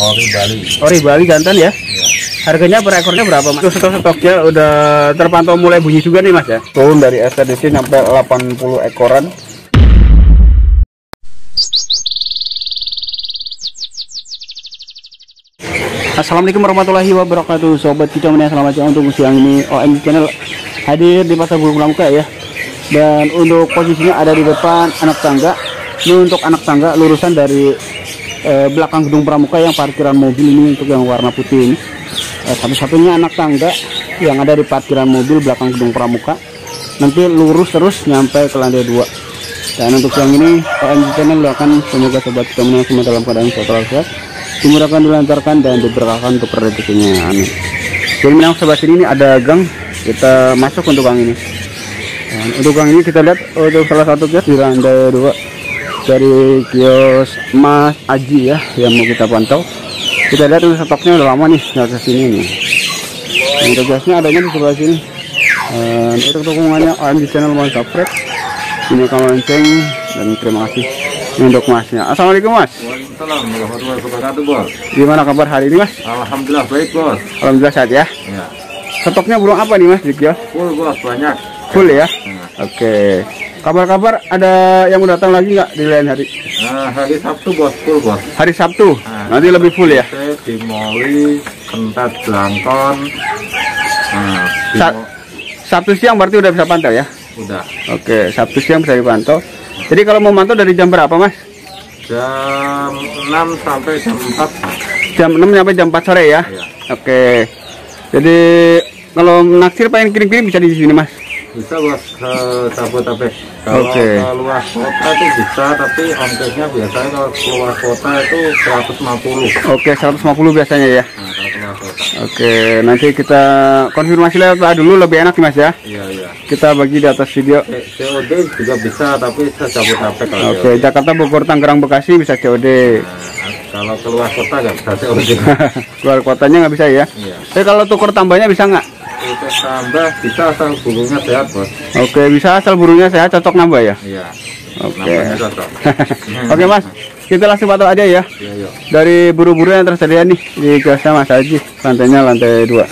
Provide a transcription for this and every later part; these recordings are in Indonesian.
Ori Bali. Ori Bali jantan ya? Iya. Harganya per ekornya berapa mas? Stok-stoknya udah terpantau mulai bunyi juga nih mas ya? Turun dari STDC sampai 80 ekoran. Assalamualaikum warahmatullahi wabarakatuh Sobat kicau menia selamat siang untuk siang ini OMG Channel hadir di pasar burung lamuka ya Dan untuk posisinya ada di depan anak tangga Ini untuk anak tangga lurusan dari eh, belakang gedung pramuka yang parkiran mobil ini untuk yang warna putih ini eh, satu-satunya anak tangga yang ada di parkiran mobil belakang gedung pramuka nanti lurus terus nyampe ke lantai 2 dan untuk yang ini PNG Channel akan semoga sobat yang semua dalam keadaan total sehat dimudahkan dilancarkan dan diberkahkan untuk rezekinya amin jadi memang sobat sini ini ada gang kita masuk untuk gang ini dan untuk gang ini kita lihat untuk salah satu gas di lantai 2 dari kios Mas Aji ya yang mau kita pantau kita lihat ini stoknya udah lama nih nggak kesini nih untuk gasnya adanya di sebelah sini dan eh, untuk dukungannya di channel mau subscribe ini lonceng dan terima kasih untuk masnya Assalamualaikum mas gimana kabar hari ini mas Alhamdulillah baik bos Alhamdulillah sehat ya? ya, stoknya burung apa nih mas di kios full bos banyak full ya hmm. oke okay. Kabar-kabar ada yang mau datang lagi nggak di lain hari? Nah, hari Sabtu bos full bos. Hari Sabtu? Nah, Nanti lebih full ya? Timoli, Kentat, Blangkon. Nah, Sa Sabtu siang berarti udah bisa pantau ya? Udah. Oke, Sabtu siang bisa dipantau. Jadi kalau mau mantau dari jam berapa mas? Jam 6 sampai jam 4. Jam 6 sampai jam 4 sore ya? Iya. Oke. Jadi kalau naksir pengen kirim-kirim bisa di sini mas? bisa luas ke cabut tapi kalau okay. kota itu bisa tapi ongkosnya biasanya kalau luas kota itu 150 oke okay, 150 biasanya ya nah, Oke, nanti kita konfirmasi lewat dulu lebih enak mas ya. Iya iya. Kita bagi di atas video. COD juga bisa tapi sejabodetabek kalau. Oke, okay, Jakarta, Bogor, Tangerang, Bekasi bisa COD. Nah, kalau keluar kota nggak bisa COD. keluar kotanya nggak bisa ya. Iya. Tapi eh, kalau tukar tambahnya bisa nggak? Untuk tambah bisa asal burungnya sehat, Bos. Oke, bisa asal burungnya sehat cocok nambah ya? Iya. Oke. Okay. Oke, Mas. Kita langsung patok aja ya. Iya, dari buru-buru yang tersedia nih di kiosnya Mas Haji, lantainya lantai dua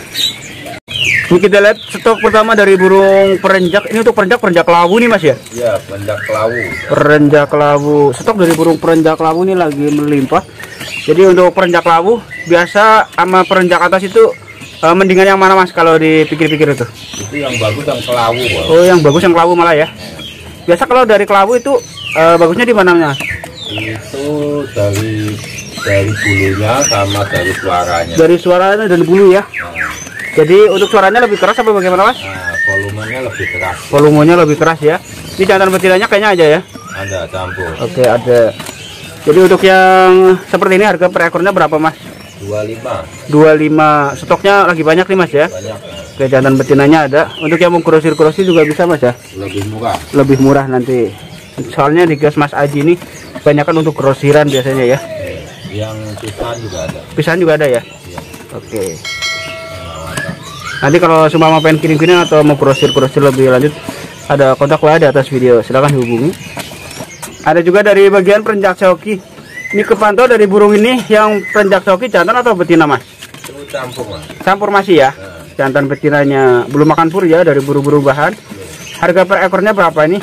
Ini kita lihat stok pertama dari burung perenjak. Ini untuk perenjak perenjak lawu nih Mas ya? Iya, perenjak lawu. Perenjak lawu. Stok dari burung perenjak lawu ini lagi melimpah. Jadi untuk perenjak lawu biasa sama perenjak atas itu Uh, mendingan yang mana mas kalau dipikir-pikir itu? Itu yang bagus yang kelawu. bro. Oh yang bagus yang kelawu malah ya. Biasa kalau dari kelawu itu uh, bagusnya di mana mas? Itu dari dari bulunya sama dari suaranya. Dari suaranya dan bulu ya. Nah. Jadi untuk suaranya lebih keras apa bagaimana mas? Nah, volumenya lebih keras. Volumenya lebih keras ya. Ini jantan betinanya kayaknya aja ya? Ada campur. Oke okay, ada. Jadi untuk yang seperti ini harga per ekornya berapa mas? 25 25 stoknya lagi banyak nih mas ya banyak oke betinanya ada untuk yang mau krosir krosir juga bisa mas ya lebih murah lebih murah nanti soalnya di gas mas Aji ini kebanyakan untuk krosiran biasanya ya eh, yang pisang juga ada Pisang juga ada ya, ya. oke nanti kalau semua mau pengen kirim-kirim atau mau krosir-krosir lebih lanjut ada kontak lah di atas video silahkan hubungi ada juga dari bagian perencak coki. Ini kepantau dari burung ini yang perenjak soki jantan atau betina mas? campur mas. Campur masih ya? Jantan betinanya belum makan pur ya dari buru-buru bahan. Iya. Harga per ekornya berapa ini?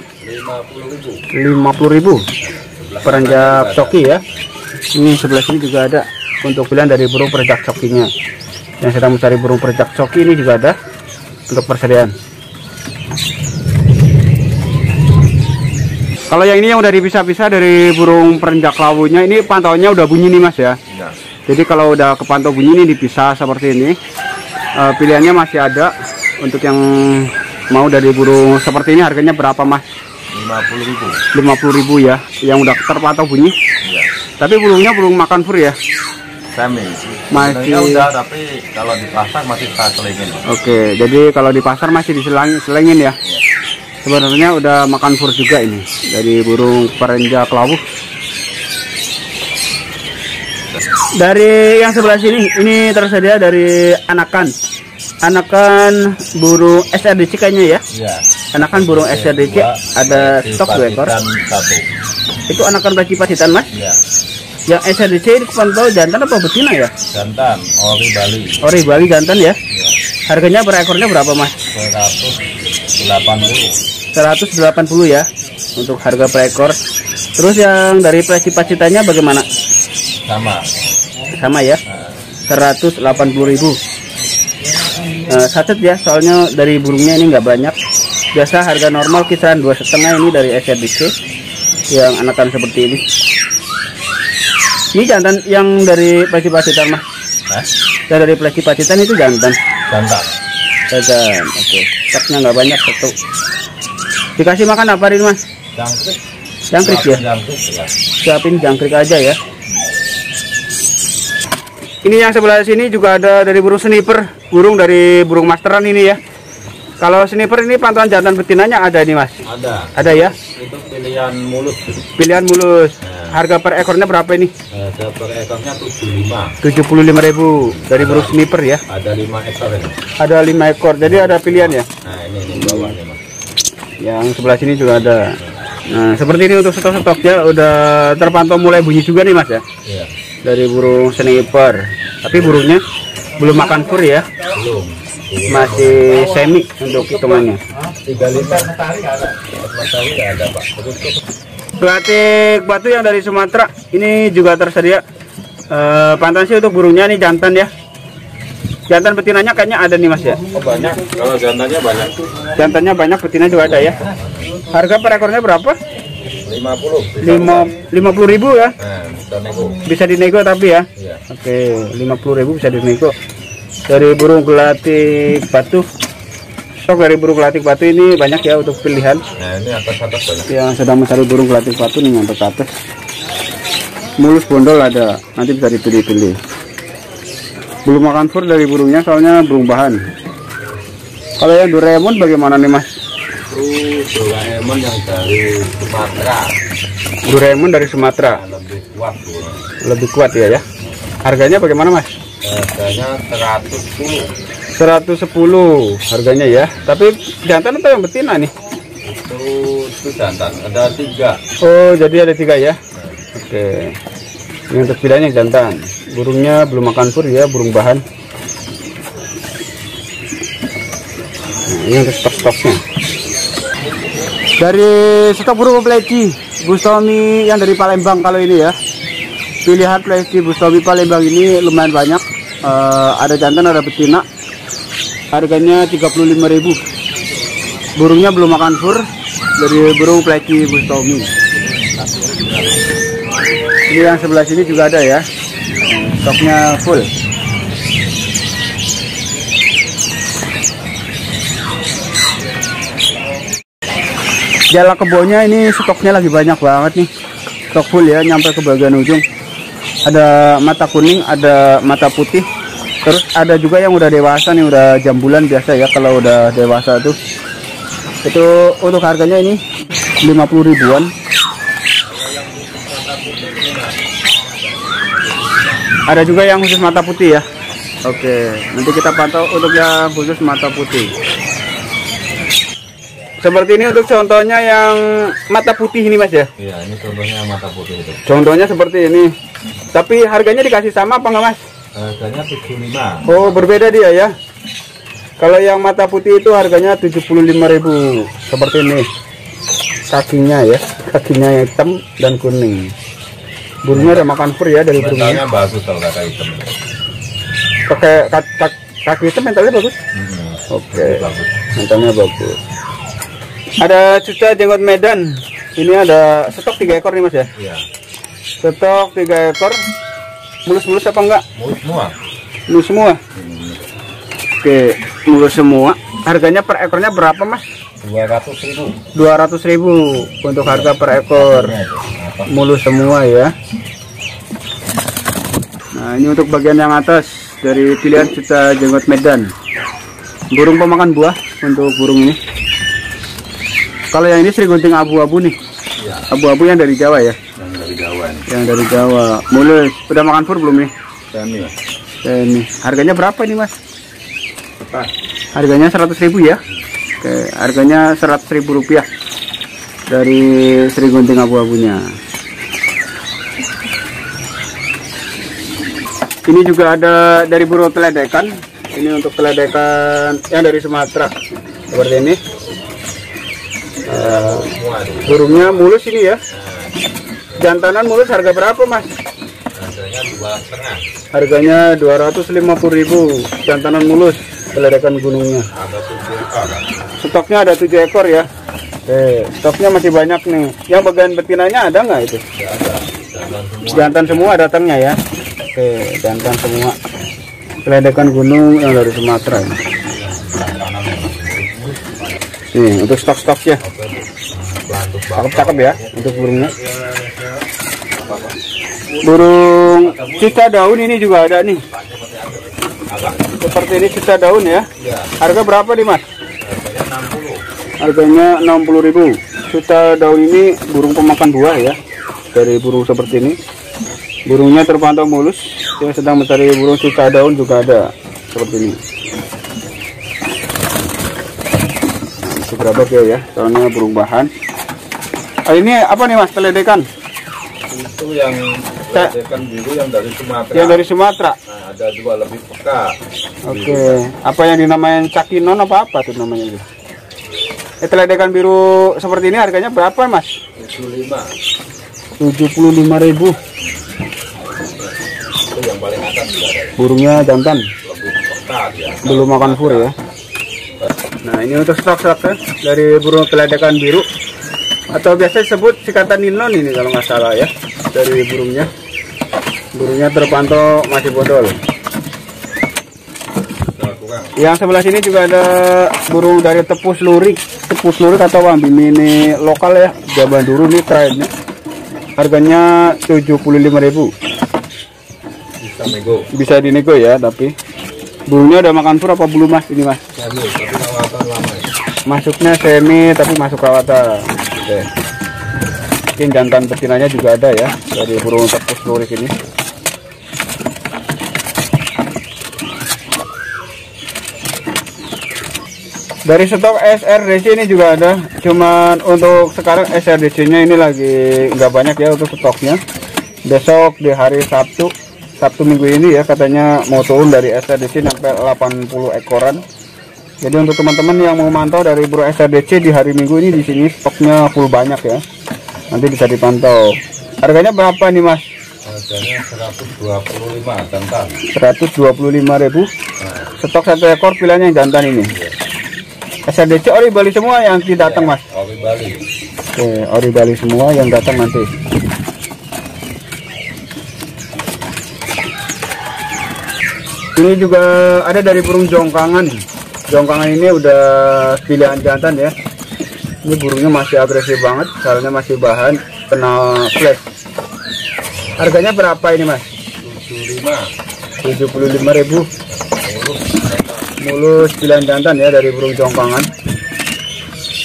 ribu 50 ribu. perenjak soki ya. Ini sebelah sini juga ada untuk pilihan dari burung perenjak sokinya. Yang sedang mencari burung perenjak soki ini juga ada untuk persediaan. Kalau yang ini yang udah dipisah-pisah dari burung perenjak lawunya, ini pantauannya udah bunyi nih mas ya? ya. Jadi kalau udah kepantau bunyi ini dipisah seperti ini. E, pilihannya masih ada untuk yang mau dari burung seperti ini harganya berapa mas? 50 ribu. 50 ribu ya, yang udah terpantau bunyi. Iya. Tapi burungnya burung makan fur ya? Semi. Masih. udah tapi kalau di pasar masih selingin. Oke, jadi kalau di pasar masih diselangin selingin ya? Iya sebenarnya udah makan fur juga ini dari burung perenja kelabu dari yang sebelah sini ini tersedia dari anakan anakan burung SRDC kayaknya ya iya anakan burung SRDC dua, ada stok dua ekor itu anakan berarti pasitan mas iya yang SRDC ini kepantau jantan apa betina ya jantan ori Bali ori Bali jantan ya, ya. harganya per ekornya berapa mas 200 180 180 ya untuk harga prekor. terus yang dari pacitanya bagaimana sama sama ya 180.000 nah, sacet ya soalnya dari burungnya ini nggak banyak biasa harga normal kisaran dua setengah ini dari srbc yang anakan seperti ini ini jantan yang dari pacitan mah Hah? yang dari pacitan itu jantan jantan jantan oke okay caknya nggak banyak satu dikasih makan apa ini mas jangkrik jangkrik ya jangkrik ya. siapin jangkrik aja ya ini yang sebelah sini juga ada dari burung sniper burung dari burung masteran ini ya kalau sniper ini pantauan jantan betinanya ada ini mas ada ada ya itu pilihan mulus pilihan mulus ya Harga per ekornya berapa ini? Harga per ekornya 75. ribu dari burung sniper ya. Ada 5 ekor ini. Ada 5 ekor. Jadi ada pilihan ya? Nah, ini ini bawah nih, Mas. Yang sebelah sini juga ada. Nah, seperti ini untuk stok-stoknya udah terpantau mulai bunyi juga nih, Mas ya. Iya. Dari burung sniper. Tapi burungnya belum makan fur ya? Belum. Masih semi untuk hitungannya. Tiga matahari ada. Matahari ada, Pak batik batu yang dari Sumatera ini juga tersedia e, eh, pantas sih untuk burungnya nih jantan ya jantan betinanya kayaknya ada nih mas ya oh banyak kalau jantannya banyak jantannya banyak betina juga ada ya harga per ekornya berapa 50 lima puluh ribu ya nah, bisa, nego. bisa dinego tapi ya, ya. oke 50 ribu bisa dinego dari burung gelatik batu stok dari burung kelatik batu ini banyak ya untuk pilihan. Nah ini atas atas banyak. Yang sedang mencari burung kelatik batu ini yang atas Mulus bondol ada, nanti bisa dipilih-pilih. Belum makan fur dari burungnya, soalnya burung bahan. Kalau yang Doraemon bagaimana nih mas? Doraemon yang dari Sumatera. Doraemon dari Sumatera. Nah, lebih kuat. Bro. Lebih kuat ya ya. Harganya bagaimana mas? Harganya 110. 110 harganya ya tapi jantan atau yang betina nih itu, itu jantan ada tiga oh jadi ada tiga ya oke okay. yang terpilihnya jantan burungnya belum makan pur ya burung bahan nah, ini untuk stok-stoknya dari stok burung pleci Bustomi yang dari Palembang kalau ini ya pilihan pleci Bustomi Palembang ini lumayan banyak uh, ada jantan ada betina harganya 35000 burungnya belum makan fur dari burung pleci bustomi ini yang sebelah sini juga ada ya stoknya full jala kebonya ini stoknya lagi banyak banget nih stok full ya nyampe ke bagian ujung ada mata kuning ada mata putih terus ada juga yang udah dewasa nih udah jambulan biasa ya kalau udah dewasa tuh itu untuk harganya ini 50 ribuan ada juga yang khusus mata putih ya oke nanti kita pantau untuk yang khusus mata putih seperti ini untuk contohnya yang mata putih ini mas ya iya ini contohnya mata putih itu contohnya seperti ini tapi harganya dikasih sama apa enggak mas Eh, harganya 75 oh berbeda dia ya kalau yang mata putih itu harganya 75.000 seperti ini kakinya ya kakinya hitam dan kuning burungnya ada makan fur ya dari burungnya bagus kalau kata hitam pakai kaki hitam mentalnya bagus hmm, oke okay. mentalnya bagus ada cuca jenggot medan ini ada stok tiga ekor nih mas ya, ya. stok tiga ekor mulus-mulus apa enggak mulus semua mulus semua hmm. oke mulus semua harganya per ekornya berapa mas 200 ribu 200 ribu untuk harga per ekor mulus semua ya nah ini untuk bagian yang atas dari pilihan kita jenggot medan burung pemakan buah untuk burung ini kalau yang ini sering gunting abu-abu nih iya. abu-abu yang dari Jawa ya Jawa. Yang dari Jawa. Mulai sudah makan pur belum nih? Semi, Mas. Harganya berapa ini, Mas? Apa? Harganya 100.000 ya. Oke, harganya 100.000 rupiah dari Sri Gunting abu-abunya. Ini juga ada dari burung teledekan. Ini untuk teledekan yang dari Sumatera. Seperti ini. Uh, burungnya mulus ini ya. Jantanan mulus harga berapa, Mas? Harganya dua setengah. Harganya dua ratus lima puluh ribu. Jantanan mulus, peledakan gunungnya. Ada tujuh ekor. Stoknya ada tujuh ekor ya. Oke, eh, stoknya masih banyak nih. Yang bagian betinanya ada nggak itu? Tidak ada. Jantan semua. semua datangnya ya. Oke, jantan semua. Ya? Eh, peledakan gunung yang dari Sumatera. Ini. Nih, untuk stok-stoknya. Nah, Cakep-cakep ya, untuk burungnya. Iya, iya, iya burung cica daun ini juga ada nih seperti ini cica daun ya harga berapa nih mas harganya 60000 cica daun ini burung pemakan buah ya dari burung seperti ini burungnya terpantau mulus yang sedang mencari burung cica daun juga ada seperti ini Berapa ya ya soalnya burung bahan ah, ini apa nih mas teledekan itu yang teh biru yang dari Sumatera yang dari Sumatera nah, ada dua lebih peka oke okay. apa yang dinamain cakinon apa apa tuh namanya itu eh, biru seperti ini harganya berapa mas 75 75 ribu itu yang paling akan burungnya jantan belum makan fur ya nah ini untuk stok-stok ya dari burung keledekan biru atau biasa disebut sikatan ninon ini kalau nggak salah ya dari burungnya burungnya terpantau masih bondol yang sebelah sini juga ada burung dari tepus lurik tepus lurik atau wambi mini lokal ya jaban dulu nih trennya harganya 75.000 bisa nego bisa dinego ya tapi burungnya udah makan pur apa belum mas ini mas masuknya semi tapi masuk rawatan oke mungkin jantan betinanya juga ada ya dari burung tepus lurik ini dari stok SRDC ini juga ada cuman untuk sekarang SRDC nya ini lagi nggak banyak ya untuk stoknya besok di hari Sabtu Sabtu minggu ini ya katanya mau turun dari SRDC sampai 80 ekoran jadi untuk teman-teman yang mau mantau dari Bro SRDC di hari minggu ini di sini stoknya full banyak ya nanti bisa dipantau harganya berapa nih mas harganya 125 jantan 125 ribu nah. stok satu ekor pilihannya yang jantan ini iya. SRDC ori Bali semua yang datang iya, mas ori Bali oke iya, ori Bali semua yang datang nanti ini juga ada dari burung jongkangan jongkangan ini udah pilihan jantan ya ini burungnya masih agresif banget soalnya masih bahan kena flash harganya berapa ini mas 75 75 ribu mulus pilihan jantan ya dari burung jongkongan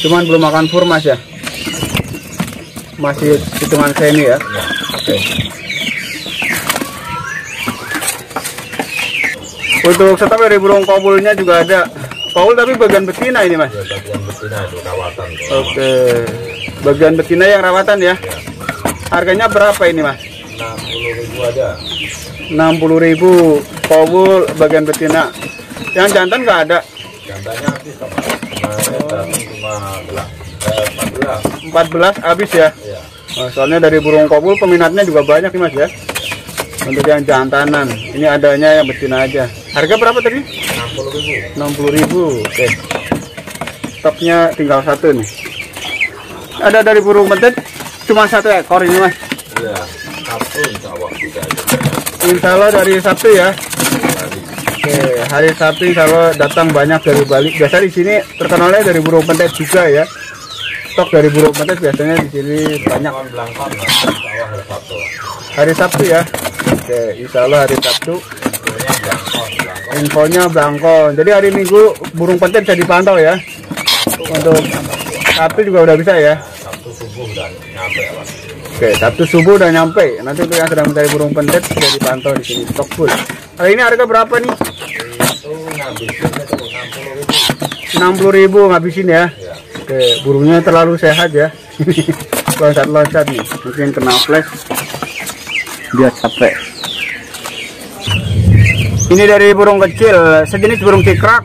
cuman belum makan fur mas ya masih hitungan saya ini ya, ya okay. untuk setup dari burung kobulnya juga ada Paul tapi bagian betina ini mas ya, bagian betina itu rawatan oke okay. bagian betina yang rawatan ya, ya. harganya berapa ini mas 60.000 ada 60.000 kobul bagian betina yang jantan enggak ada jantannya habis eh, empat 14 habis ya, ya. Oh, soalnya dari burung kobul peminatnya juga banyak nih mas ya untuk yang jantanan ini adanya yang betina aja harga berapa tadi 60.000 60.000 oke stoknya tinggal satu nih ada dari burung betin? cuma satu ekor ini mas iya satu insya Allah dari satu ya Oke, hari Sabtu kalau datang banyak dari Bali. Biasa di sini terkenalnya dari burung pentet juga ya. Stok dari burung pentet biasanya di sini banyak. Hari Sabtu ya. Oke, insya Allah hari Sabtu. Infonya belangkon. Jadi hari Minggu burung pentet bisa dipantau ya. Untuk sapi juga udah bisa ya subuh udah nyampe Mas. Oke, Sabtu subuh udah nyampe. Nanti untuk yang sedang mencari burung pendet sudah dipantau di sini stok full. Kali ini harga berapa nih? Itu ngabisin itu 60 ribu. ribu ngabisin ya. ya. Oke, burungnya terlalu sehat ya. Loncat-loncat nih, mungkin kena flash. Dia capek. Ini dari burung kecil, sejenis burung cikrak.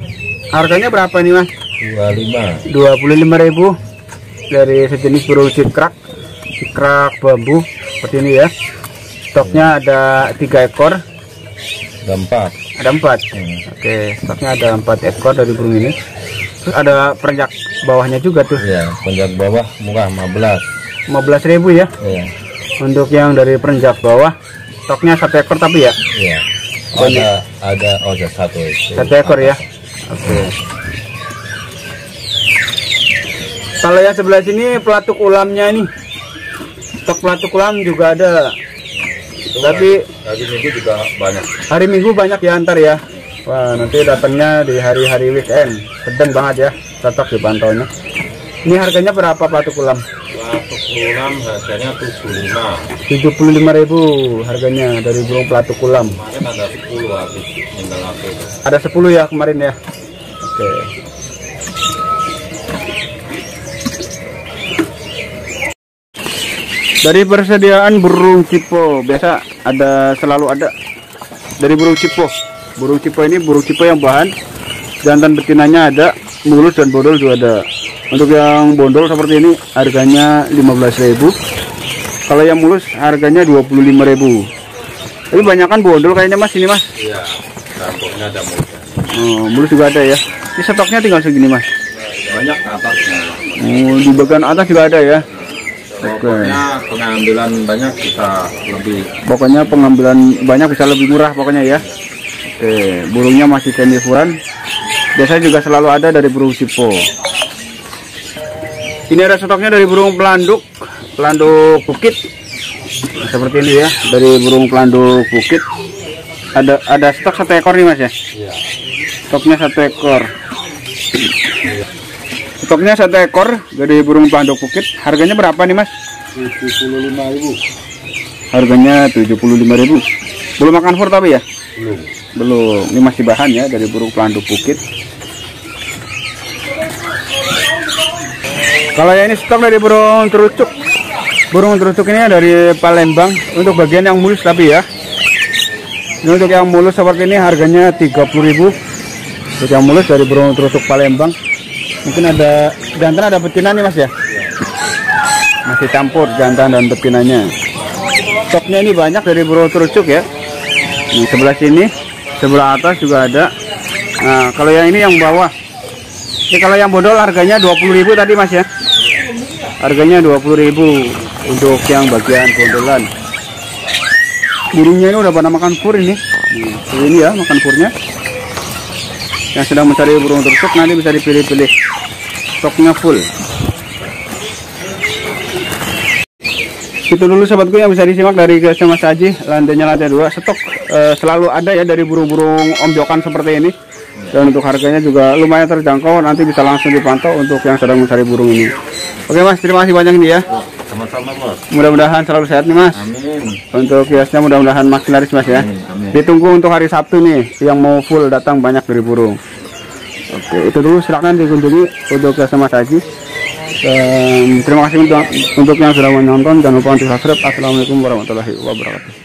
Harganya berapa nih, Mas? 25. lima ribu dari sejenis burung cikrak cikrak bambu seperti ini ya stoknya ada tiga ekor ada empat ada empat hmm. oke stoknya ada empat ekor dari burung ini terus ada perenjak bawahnya juga tuh ya perenjak bawah murah 15 15 ribu ya iya untuk yang dari perenjak bawah stoknya satu ekor tapi ya iya ada ada oh ada satu satu ekor ya oke okay. kalau yang sebelah sini pelatuk ulamnya ini, stok pelatuk ulam juga ada itu tapi hari minggu juga banyak hari minggu banyak ya antar ya wah nanti datangnya di hari-hari weekend sedang banget ya cocok dipantaunya ini harganya berapa pelatuk ulam pelatuk ulam harganya 75 75.000 harganya dari burung pelatuk ulam kemarin ada 10 habis habis ada 10 ya kemarin ya oke okay. dari persediaan burung cipo biasa ada selalu ada dari burung cipo burung cipo ini burung cipo yang bahan jantan betinanya ada mulus dan bodol juga ada untuk yang bondol seperti ini harganya 15.000 kalau yang mulus harganya 25.000 tapi banyak kan bondol kayaknya mas ini mas iya ada mulus oh, mulus juga ada ya ini stoknya tinggal segini mas banyak atasnya oh, di bagian atas juga ada ya pokoknya pengambilan banyak bisa lebih pokoknya pengambilan banyak bisa lebih murah pokoknya ya oke burungnya masih candifuran biasanya juga selalu ada dari burung sipo ini ada stoknya dari burung pelanduk pelanduk bukit seperti ini ya dari burung pelanduk bukit ada ada stok satu ekor nih mas ya, ya. stoknya satu ekor stoknya satu ekor dari burung pelanduk bukit harganya berapa nih mas 75.000 harganya 75.000 belum makan fur tapi ya belum belum ini masih bahan ya dari burung pelanduk bukit kalau yang ini stok dari burung terucuk burung terucuk ini dari Palembang untuk bagian yang mulus tapi ya ini untuk yang mulus seperti ini harganya 30.000 untuk yang mulus dari burung terucuk Palembang mungkin ada jantan ada betina nih mas ya masih campur jantan dan betinanya stoknya ini banyak dari burung terucuk ya di sebelah sini sebelah atas juga ada nah kalau yang ini yang bawah ini kalau yang bodol harganya 20.000 tadi mas ya harganya 20.000 untuk yang bagian bondolan burungnya ini udah pada makan fur ini ini ya makan furnya yang sedang mencari burung tersebut nanti bisa dipilih-pilih stoknya full itu dulu sobatku yang bisa disimak dari gasnya Mas Haji lantainya lantai dua stok e, selalu ada ya dari burung-burung ombyokan seperti ini dan untuk harganya juga lumayan terjangkau nanti bisa langsung dipantau untuk yang sedang mencari burung ini oke mas terima kasih banyak nih ya, ya mudah-mudahan selalu sehat nih mas amin untuk kiasnya mudah-mudahan makin laris mas ya amin, amin. ditunggu untuk hari Sabtu nih yang mau full datang banyak dari burung oke itu dulu silahkan dikunjungi untuk sama Haji. terima kasih untuk, untuk yang sudah menonton jangan lupa untuk subscribe assalamualaikum warahmatullahi wabarakatuh